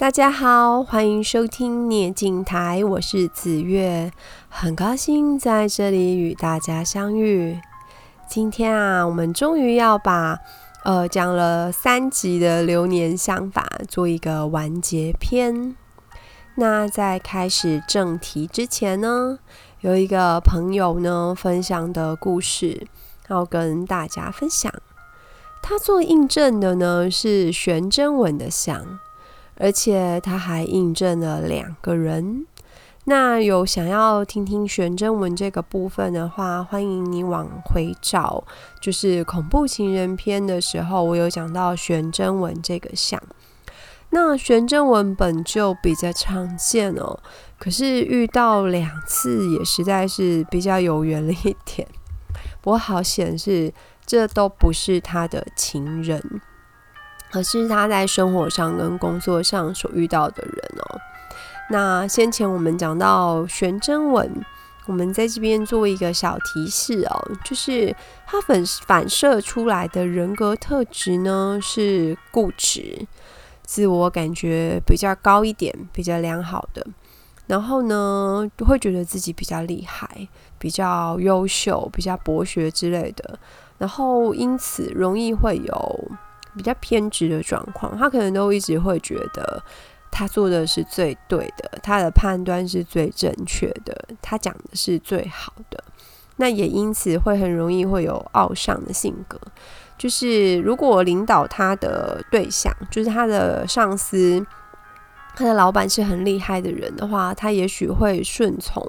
大家好，歡迎收聽捏鏡台，我是紫玥，很高興在這裡與大家相遇。今天啊，我們終於要把呃講了三集的流年相法做一個完結篇。那在開始正題之前呢，有一個朋友呢分享的故事要跟大家分享，他做印證的呢是懸針紋的相。而且他還印證了兩個人。那有想要聽聽懸針紋這個部分的話，歡迎你往回找。就是恐怖情人篇的時候，我有講到懸針紋這個項。那懸針紋本就比較常見哦，可是遇到兩次也實在是比較有緣了一點。不過好顯示，這都不是他的情人。可是他在生活上跟工作上所遇到的人哦，那先前我們講到懸針紋，我們在這邊做一個小提示哦，就是他反射出來的人格特質呢是固執，自我感覺比較高一點，比較良好的，然後呢會覺得自己比較厲害、比較優秀、比較博學之類的，然後因此容易會有。比較偏執的狀況，他可能都一直會覺得他做的是最對的，他的判斷是最正確的，他講的是最好的。那也因此會很容易會有傲上的性格。就是如果我領導他的對象，就是他的上司，他的老闆是很厲害的人的話，他也許會順從。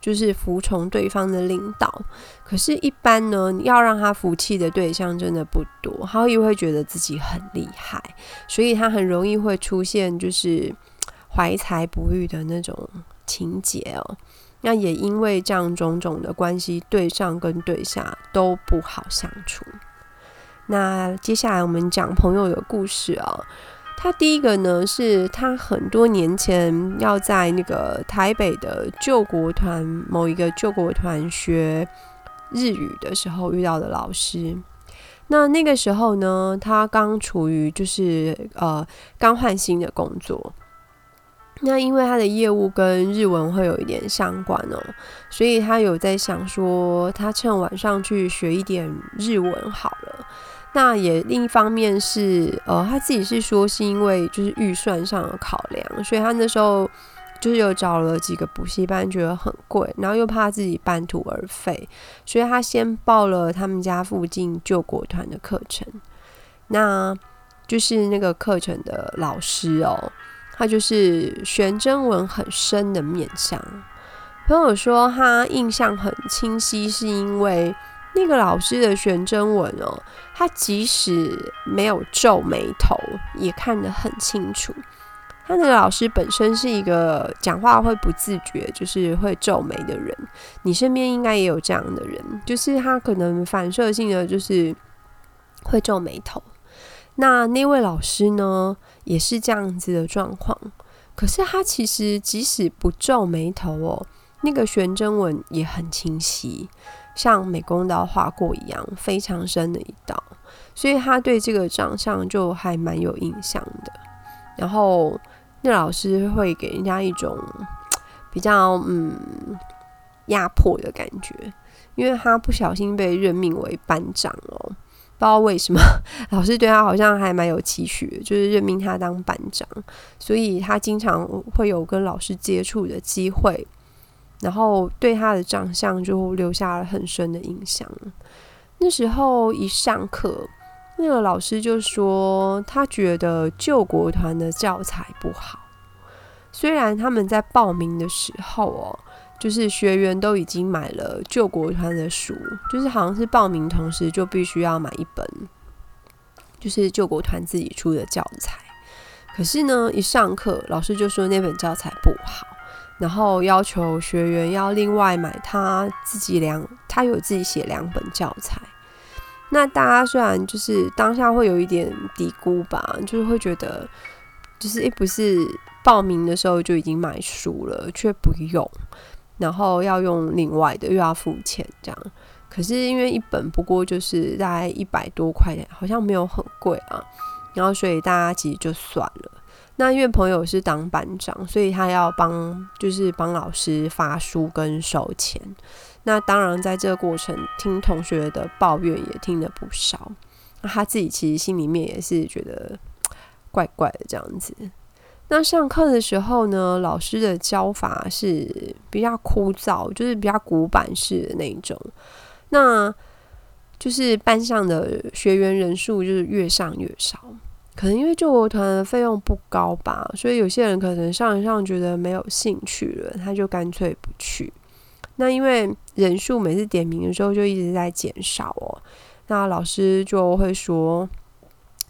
就是服從對方的領導，可是，一般呢，要讓他服氣的對象真的不多，他也會覺得自己很厲害，所以他很容易會出現就是懷才不遇的那種情節哦。那也因為這樣種種的關係，對上跟對下都不好相處。那接下來我們講朋友的故事哦。他第一個呢，是他很多年前要在那個台北的救國團某一個救國團學日語的時候遇到的老師。那那個時候呢，他剛處於就是呃剛換新的工作，那因為他的業務跟日文會有一點相關哦，所以他有在想說，他趁晚上去學一點日文好了。那也另一方面是，呃，他自己是說是因為就是預算上的考量，所以他那時候就是有找了幾個補習班，覺得很貴，然後又怕自己半途而廢，所以他先報了他們家附近救國團的課程。那就是那個課程的老師哦、喔，他就是懸針紋很深的面相。朋友說他印象很清晰，是因為。那個老師的懸針紋哦，他即使沒有皺眉頭，也看得很清楚。他那個老師本身是一個講話會不自覺，就是會皺眉的人。你身邊應該也有這樣的人，就是他可能反射性的就是會皺眉頭。那那位老師呢，也是這樣子的狀況。可是他其實即使不皺眉頭哦，那個懸針紋也很清晰。像美工刀劃過一樣非常深的一道，所以他對這個長相就還蠻有印象的。然後那老師會給人家一種比較嗯，壓迫的感覺，因為他不小心被任命為班長哦，不知道為什麼老師對他好像還蠻有期許，就是任命他當班長，所以他經常會有跟老師接觸的機會。然後對他的長相就留下了很深的印象。那時候一上課，那個老師就說他覺得救國團的教材不好。雖然他們在報名的時候哦，就是學員都已經買了救國團的書，就是好像是報名同時就必須要買一本，就是救國團自己出的教材。可是呢，一上課老師就說那本教材不好。然後要求學員要另外買他自己兩，他有自己寫兩本教材。那大家雖然就是當下會有一點嘀咕吧，就是會覺得，就是也不是報名的時候就已經買書了，卻不用，然後要用另外的又要付錢這樣。可是因為一本不過就是大概一百多塊錢，好像沒有很貴啊，然後所以大家其實就算了。那因為朋友是當班長，所以他要幫，就是幫老師發書跟收錢。那當然，在這個過程聽同學的抱怨也聽了不少。那他自己其實心裡面也是覺得怪怪的這樣子。那上課的時候呢，老師的教法是比較枯燥，就是比較古板式的那一種。那就是班上的學員人數就是越上越少。可能因為救國團的費用不高吧，所以有些人可能上一上覺得沒有興趣了，他就乾脆不去。那因為人數每次點名的時候就一直在減少哦，那老師就會說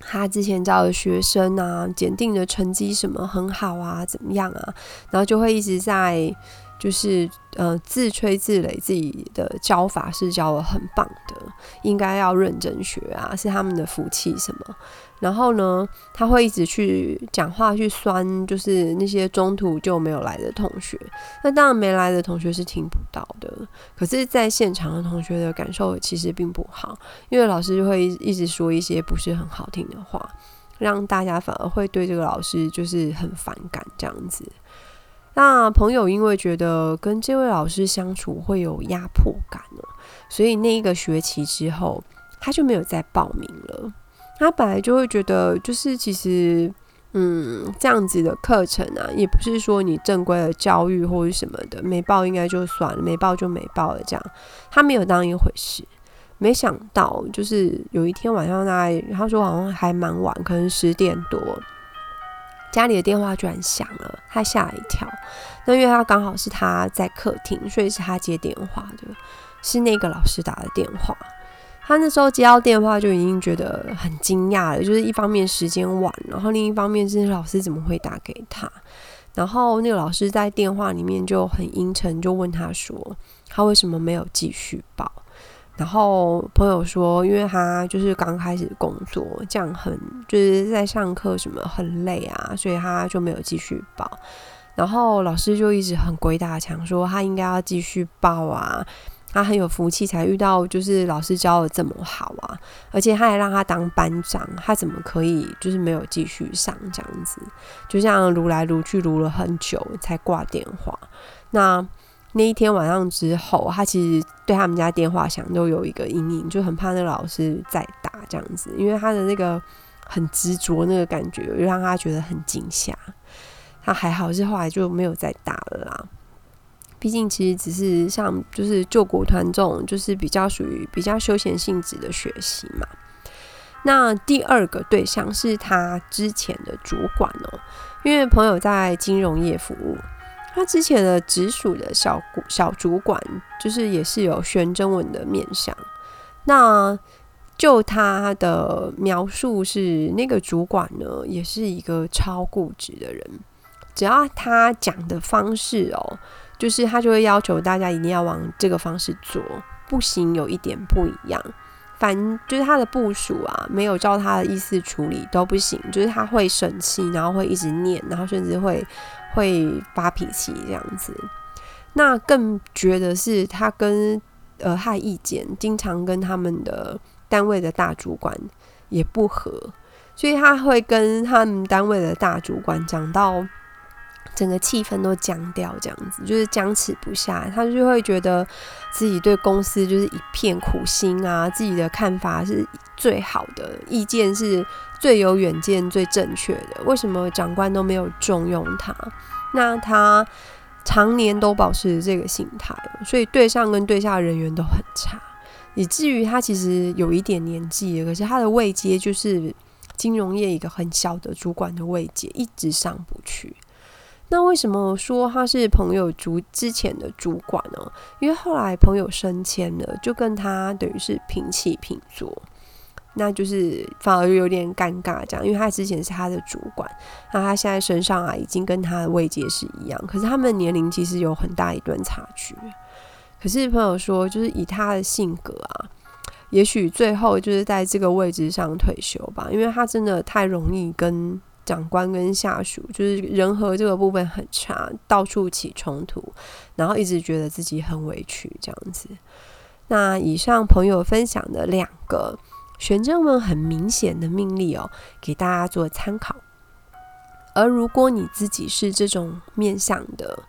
他之前教的學生啊，檢定的成績什麼很好啊，怎麼樣啊，然後就會一直在就是呃自吹自擂自己的教法是教得很棒的，應該要認真學啊，是他們的福氣什麼。然後呢，他會一直去講話，去酸，就是那些中途就沒有來的同學。那當然沒來的同學是聽不到的，可是在現場的同學的感受其實並不好，因為老師就會一直說一些不是很好聽的話，讓大家反而會對這個老師就是很反感這樣子。那朋友因為覺得跟這位老師相處會有壓迫感啊，所以那一個學期之後，他就沒有再報名了。他本來就會覺得，就是其實，嗯，這樣子的課程啊，也不是說你正規的教育或者什麼的，沒報應該就算了，沒報就沒報了這樣。他沒有當一回事。沒想到，就是有一天晚上，大概他說好像還蠻晚，可能十點多，家裡的電話居然響了，他嚇了一跳。那因為他剛好是他在客廳，所以是他接電話的，是那個老師打的電話。他那時候接到電話就已經覺得很驚訝了，就是一方面時間晚，然後另一方面是老師怎麼會打給他？然後那個老師在電話裡面就很陰沉，就問他說他為什麼沒有繼續報？然後朋友說，因為他就是剛開始工作，這樣很就是在上課什麼很累啊，所以他就沒有繼續報。然後老師就一直很鬼打牆，說他應該要繼續報啊。他很有福氣，才遇到就是老師教得這麼好啊！而且他還讓他當班長，他怎麼可以就是沒有繼續上這樣子？就像嚕來嚕去，嚕了很久才掛電話。那那一天晚上之後，他其實對他們家電話響都有一個陰影，就很怕那個老師再打這樣子，因為他的那個很執着那個感覺，又讓他覺得很驚嚇。他還好，是後來就沒有再打了啦。畢竟，其實只是像就是救國團這種，就是比較屬於比較休閒性質的學習嘛。那第二個對象是他之前的主管哦，因為朋友在金融業服務，他之前的直屬的小小主管，就是也是有懸針紋的面相。那就他的描述是，那個主管呢，也是一個超固執的人，只要他講的方式哦。就是他就會要求大家一定要往這個方式做，不行有一點不一樣，反正就是他的部屬啊，沒有照他的意思處理都不行，就是他會生氣，然後會一直念，然後甚至會會發脾氣這樣子。那更覺得是他跟呃他的意見經常跟他們的單位的大主管也不合，所以他會跟他們單位的大主管講到。整個氣氛都僵掉，這樣子就是僵持不下。他就會覺得自己對公司就是一片苦心啊，自己的看法是最好的，意見是最有遠見、最正確的。為什麼長官都沒有重用他？那他常年都保持這個心態，所以對上跟對下人緣都很差，以至於他其實有一點年紀了，可是他的位階就是金融業一個很小的主管的位階，一直上不去。那為什麼說他是朋友主之前的主管呢？啊？因為後來朋友升遷了，就跟他等於是平起平坐，那就是反而有點尷尬，這樣，因為他之前是他的主管，那他現在身上啊，已經跟他的位階是一樣，可是他們的年齡其實有很大一段差距。可是朋友說，就是以他的性格啊，也許最後就是在這個位置上退休吧，因為他真的太容易跟。長官跟下屬，就是人和這個部分很差，到處起衝突，然後一直覺得自己很委屈這樣子。那以上朋友分享的兩個懸針紋很明顯的命例哦，給大家做參考。而如果你自己是這種面相的，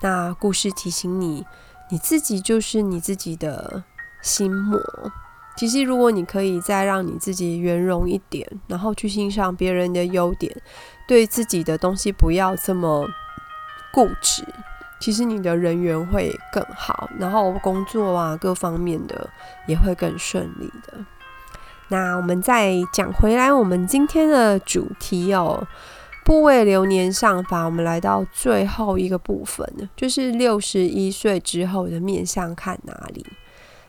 那故事提醒你，你自己就是你自己的心魔。其實，如果你可以再讓你自己圓融一點，然後去欣賞別人的優點，對自己的東西不要這麼固執，其實你的人緣會更好，然後工作啊各方面的也會更順利的。那我們再講回來，我們今天的主題哦，部位流年相法，我們來到最後一個部分，就是六十一歲之後的面相看哪裡。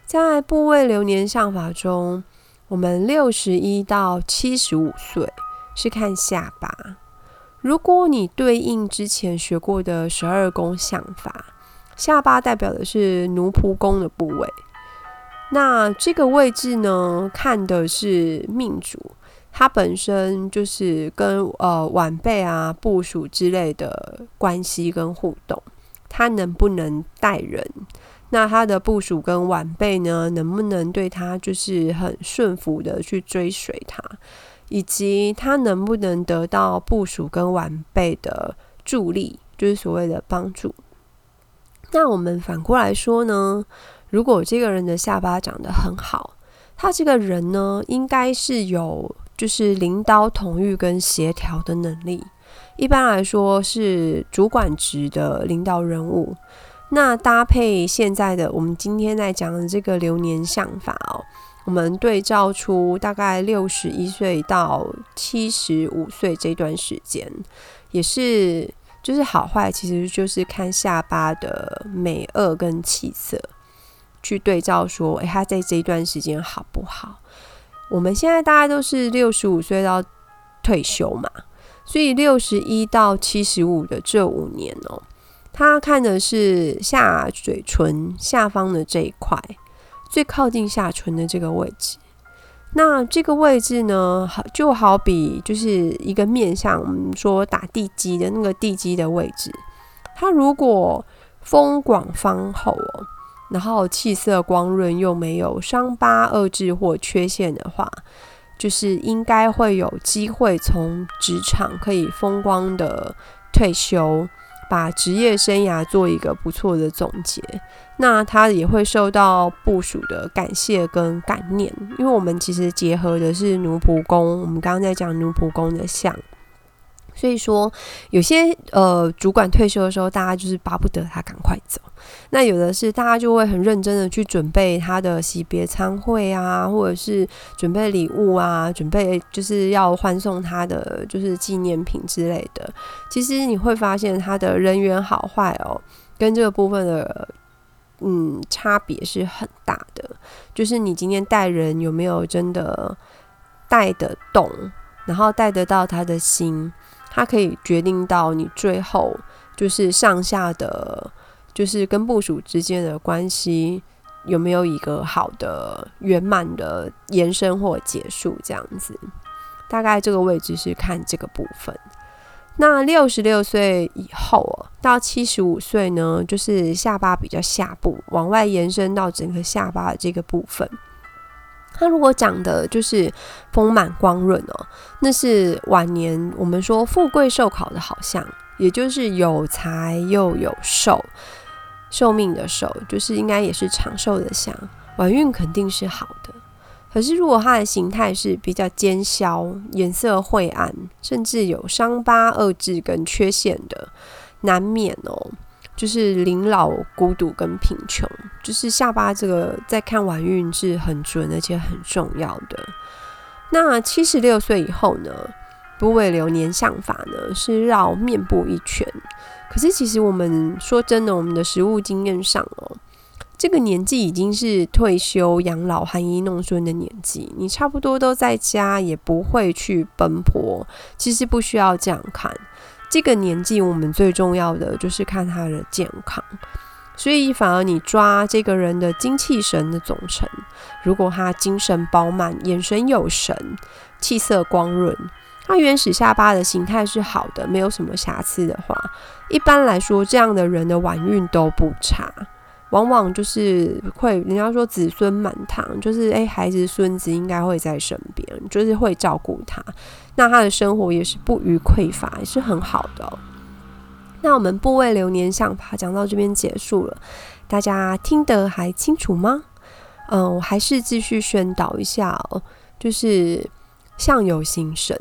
在部位流年相法中，我們六十一到七十五歲是看下巴。如果你對應之前學過的十二宮相法，下巴代表的是奴僕宮的部位。那這個位置呢，看的是命主，他本身就是跟呃晚輩啊、部屬之類的關係跟互動，他能不能帶人？那他的部屬跟晚輩呢，能不能對他就是很順服的去追隨他，以及他能不能得到部屬跟晚輩的助力，就是所謂的幫助？那我們反過來說呢，如果這個人的下巴長得很好，他這個人呢，應該是有就是領導統御跟協調的能力，一般來說是主管職的領導人物。那搭配現在的我們今天在講的這個流年相法哦，我們對照出大概六十一歲到七十五歲這段時間，也是就是好壞，其實就是看下巴的美惡跟氣色，去對照說，欸，他在這一段時間好不好？我們現在大概都是六十五歲到退休嘛，所以六十一到七十五的這五年哦。他看的是下嘴唇下方的這一塊，最靠近下唇的這個位置。那這個位置呢，好就好比就是一個面相我們說打地基的那個地基的位置。他如果豐廣方厚哦，然後氣色光潤，又沒有傷疤、惡痣或缺陷的話，就是應該會有機會從職場可以風光的退休。把職業生涯做一個不錯的總結，那他也會受到部屬的感謝跟感念，因為我們其實結合的是奴僕宮，我們剛剛在講奴僕宮的相。所以說，有些呃，主管退休的時候，大家就是巴不得他趕快走。那有的是，大家就會很認真的去準備他的惜別餐會啊，或者是準備禮物啊，準備就是要歡送他的就是紀念品之類的。其實你會發現，他的人緣好壞哦，跟這個部分的嗯差別是很大的。就是你今天帶人有沒有真的帶得動，然後帶得到他的心。它可以決定到你最後就是上下的，就是跟部屬之間的關係有沒有一個好的圓滿的延伸或結束這樣子。大概這個位置是看這個部分。那六十六歲以後哦、啊，到七十五歲呢，就是下巴比較下部往外延伸到整個下巴的這個部分。那如果長得就是豐滿光潤哦，那是晚年我們說富貴壽考的好相，也就是有財又有壽，壽命的壽，就是應該也是長壽的相，晚運肯定是好的。可是如果它的形態是比較尖削，顏色晦暗，甚至有傷疤、惡痣跟缺陷的，難免哦。就是臨老、孤獨跟貧窮，就是下巴這個，在看晚運是很準而且很重要的。那七十六歲以後呢？部位流年相法呢？是繞面部一圈。可是其實我們說真的，我們的實務經驗上哦、喔，這個年紀已經是退休養老、含飴弄孫的年紀，你差不多都在家，也不會去奔波，其實不需要這樣看。這個年紀，我們最重要的就是看他的健康，所以反而你抓這個人的精氣神的總成。如果他精神飽滿，眼神有神，氣色光潤，他原始下巴的形態是好的，沒有什麼瑕疵的話，一般來說，這樣的人的晚運都不差，往往就是會人家說子孫滿堂，就是誒、欸，孩子孫子應該會在身邊，就是會照顧他。那他的生活也是不虞匱乏，也是很好的哦。那我們部位流年相法講到這邊結束了，大家聽得還清楚嗎？嗯，我還是繼續宣導一下哦，就是相由心生。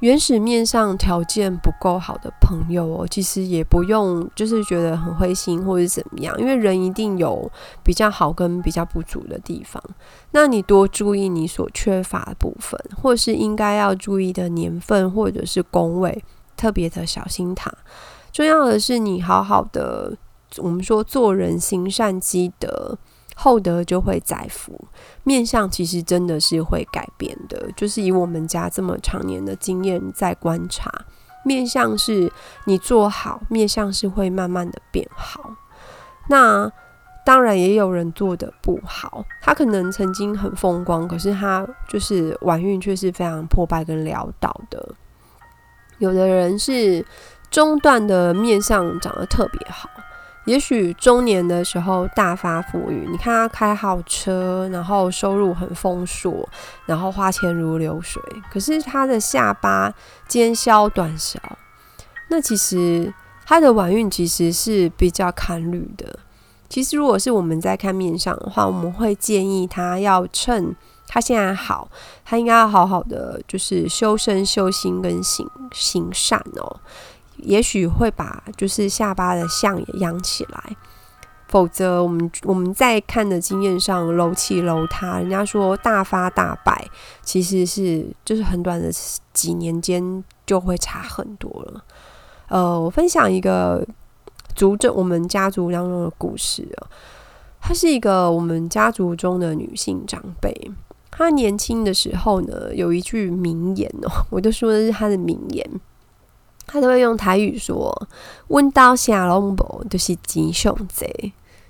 原始面上條件不夠好的朋友哦，其實也不用，就是覺得很灰心或者怎麼樣，因為人一定有比較好跟比較不足的地方。那你多注意你所缺乏的部分，或是應該要注意的年份或者是宮位，特別的小心它。重要的是，你好好的，我們說做人行善積德。厚德就會載福，面相其實真的是會改變的。就是以我們家這麼長年的經驗在觀察，面相是你做好，面相是會慢慢的變好。那當然也有人做得不好，他可能曾經很風光，可是他就是晚運卻是非常破敗跟潦倒的。有的人是中段的面相長得特別好。也許中年的時候大發富裕，你看他開好車，然後收入很豐碩，然後花錢如流水。可是他的下巴尖削短小，那其實他的晚運其實是比較堪慮的。其實如果是我們在看面相的話，我們會建議他要趁他現在好，他應該要好好的就是修身修心跟行行善哦、喔。也許會把就是下巴的相也養起來，否則我們我們在看的經驗上，樓起樓塌，人家說大發大敗，其實是就是很短的幾年間就會差很多了。呃，我分享一個族正我們家族當中的故事哦、喔，她是一個我們家族中的女性長輩，她年輕的時候呢，有一句名言哦、喔，我都說的是她的名言。他都會用台語說問到下隆伯都是吉凶賊”，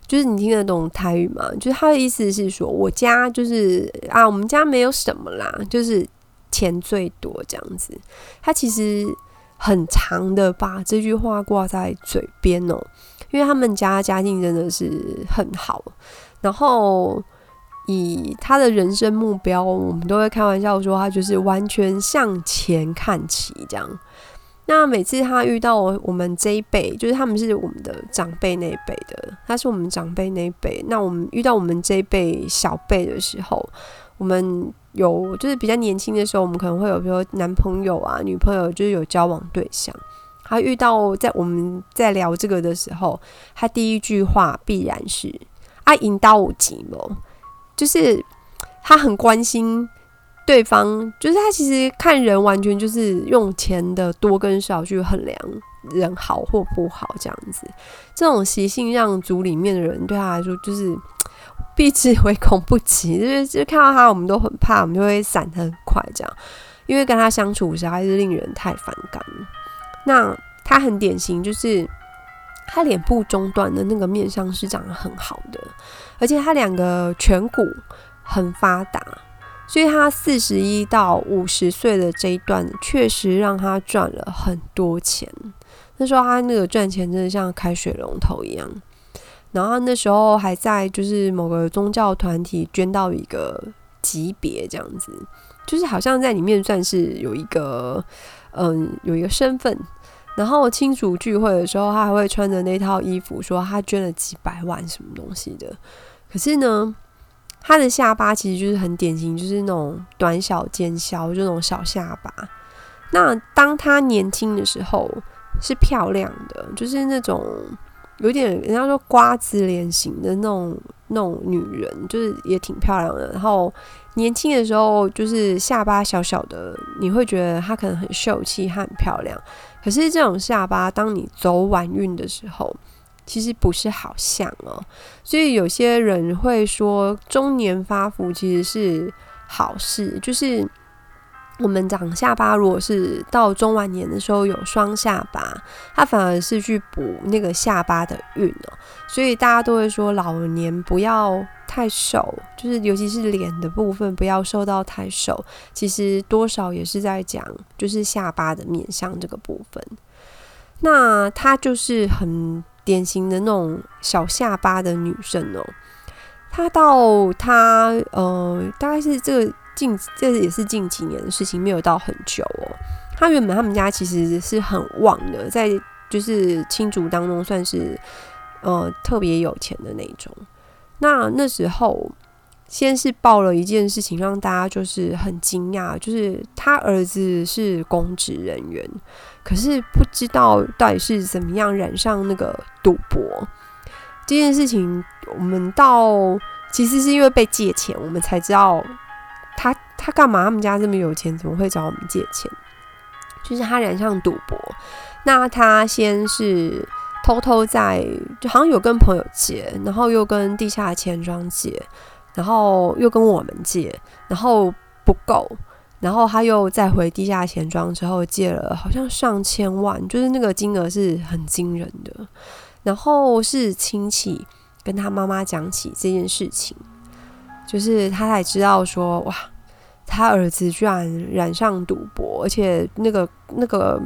就是你聽得懂台語嗎？就是他的意思是說，我家就是啊，我們家沒有什麼啦，就是錢最多這樣子。他其實很長的把這句話掛在嘴邊哦，因為他們家家境真的是很好。然後以他的人生目標，我們都會開玩笑說，他就是完全向錢看齊這樣。那每次他遇到我們這一輩，就是他們是我們的長輩那一輩的，他是我們長輩那一輩。那我們遇到我們這一輩小輩的時候，我們有就是比較年輕的時候，我們可能會有比如說男朋友啊、女朋友，就是有交往對象。他遇到在我們在聊這個的時候，他第一句話必然是啊，引導我啟蒙，就是他很關心。對方就是他，其實看人完全就是用錢的多跟少去衡量人好或不好這樣子。這種習性讓組裡面的人對他來說就是避之唯恐不及，就是就看到他我們都很怕，我們就會散得很快這樣。因為跟他相處實在是令人太反感。那他很典型，就是他臉部中段的那個面相是長得很好的，而且他兩個顴骨很發達。所以他四十一到五十歲的這一段，確實讓他賺了很多錢。那時候他那個賺錢真的像開水龍頭一樣。然後那時候還在就是某個宗教團體捐到一個級別這樣子，就是好像在裡面算是有一個嗯有一個身份。然後親屬聚會的時候，他還會穿着那套衣服，說他捐了幾百萬什麼東西的。可是呢，她的下巴其實就是很典型，就是那種短小尖削，就是那種小下巴。那當她年輕的時候是漂亮的，就是那種有點人家說瓜子臉型的那種那種女人，就是也挺漂亮的。然後年輕的時候就是下巴小小的，你會覺得她可能很秀氣，她很漂亮。可是這種下巴，當你走晚運的時候。其實不是好像哦，所以有些人會說，中年發福其實是好事，就是我們長下巴，如果是到中晚年的時候有雙下巴，它反而是去補那個下巴的運哦。所以大家都會說老年不要太瘦，就是尤其是臉的部分不要瘦到太瘦，其實多少也是在講，就是下巴的面相這個部分，那它就是很。典型的那種小下巴的女生哦、喔，她到她呃，大概是這個近，這也是近幾年的事情，沒有到很久哦、喔。她原本他們家其實是很旺的，在就是親族當中算是呃特別有錢的那種。那那時候。先是報了一件事情，讓大家就是很驚訝，就是他兒子是公職人員，可是不知道到底是怎麼樣染上那個賭博這件事情。我們到其實是因為被借錢，我們才知道他他幹嘛？他們家這麼有錢，怎麼會找我們借錢？就是他染上賭博，那他先是偷偷在就好像有跟朋友借，然後又跟地下的錢莊借。然後又跟我們借，然後不夠，然後他又再回地下錢莊之後借了，好像上千萬，就是那個金額是很驚人的。然後是親戚跟他媽媽講起這件事情，就是他才知道說，哇，他兒子居然染上賭博，而且那個那個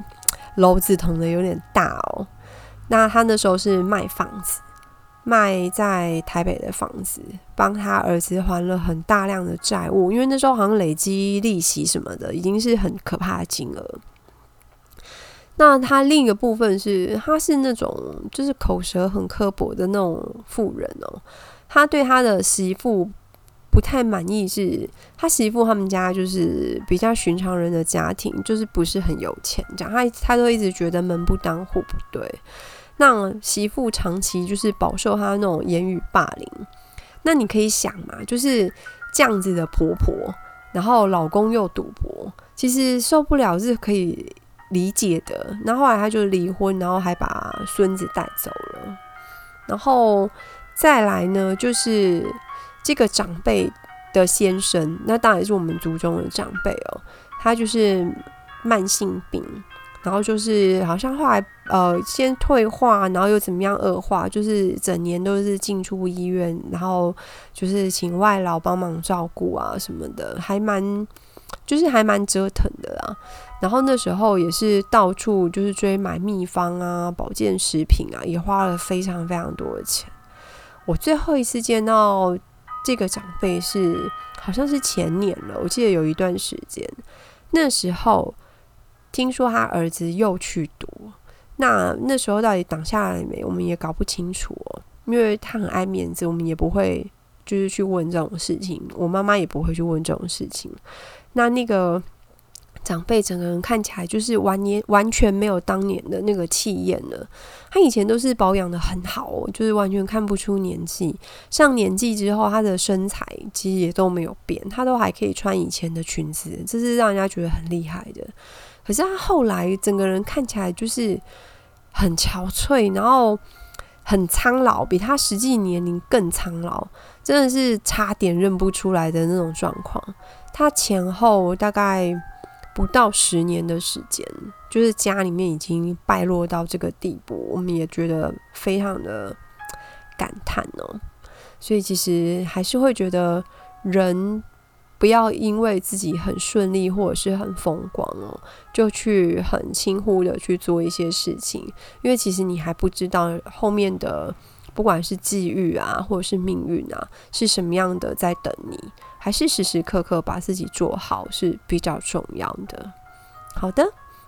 簍子捅的有點大哦。那他那時候是賣房子。賣在台北的房子，幫他兒子還了很大量的債務，因為那時候好像累積利息什麼的，已經是很可怕的金額。那他另一個部分是，他是那種就是口舌很刻薄的那種富人哦，他對他的媳婦不太滿意，是他媳婦他們家就是比較尋常人的家庭，就是不是很有錢，這樣他他都一直覺得門不當戶不對。讓媳婦長期就是飽受她那種言語霸凌，那你可以想嘛，就是這樣子的婆婆，然後老公又賭博，其實受不了是可以理解的。那後，後來她就離婚，然後還把孫子帶走了。然後再來呢，就是這個長輩的先生，那當然是我們族中的長輩哦，他就是慢性病，然後就是好像後來。呃，先退化，然後又怎麼樣惡化？就是整年都是進出醫院，然後就是請外勞幫忙照顧啊什麼的，還蠻，就是還蠻折騰的啦。然後那時候也是到處就是追買祕方啊、保健食品啊，也花了非常非常多的錢。我最後一次見到這個長輩是好像是前年了，我記得有一段時間，那時候聽說他兒子又去賭。那那時候到底擋下來沒？我們也搞不清楚哦，因為他很愛面子，我們也不會就是去問這種事情。我媽媽也不會去問這種事情。那那個長輩整個人看起來就是完年完全沒有當年的那個氣焰了。他以前都是保養得很好，就是完全看不出年紀。上年紀之後，他的身材其實也都沒有變，他都還可以穿以前的裙子，這是讓人家覺得很厲害的。可是他後來整個人看起來就是很憔悴，然後很蒼老，比他實際年齡更蒼老，真的是差點認不出來的那種狀況。他前後大概不到十年的時間，就是家裡面已經敗落到這個地步，我們也覺得非常的感嘆哦。所以其實還是會覺得人。不要因為自己很順利或者是很風光哦，就去很輕忽的去做一些事情，因為其實你還不知道後面的不管是際遇啊，或者是命運啊，是什麼樣的在等你，還是時時刻刻把自己做好是比較重要的。好的，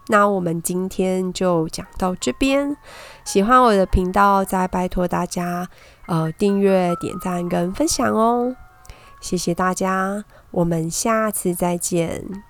那我們今天就講到這邊。喜歡我的頻道，再拜托大家呃訂閱、點讚跟分享哦，謝謝大家。我們下次再見。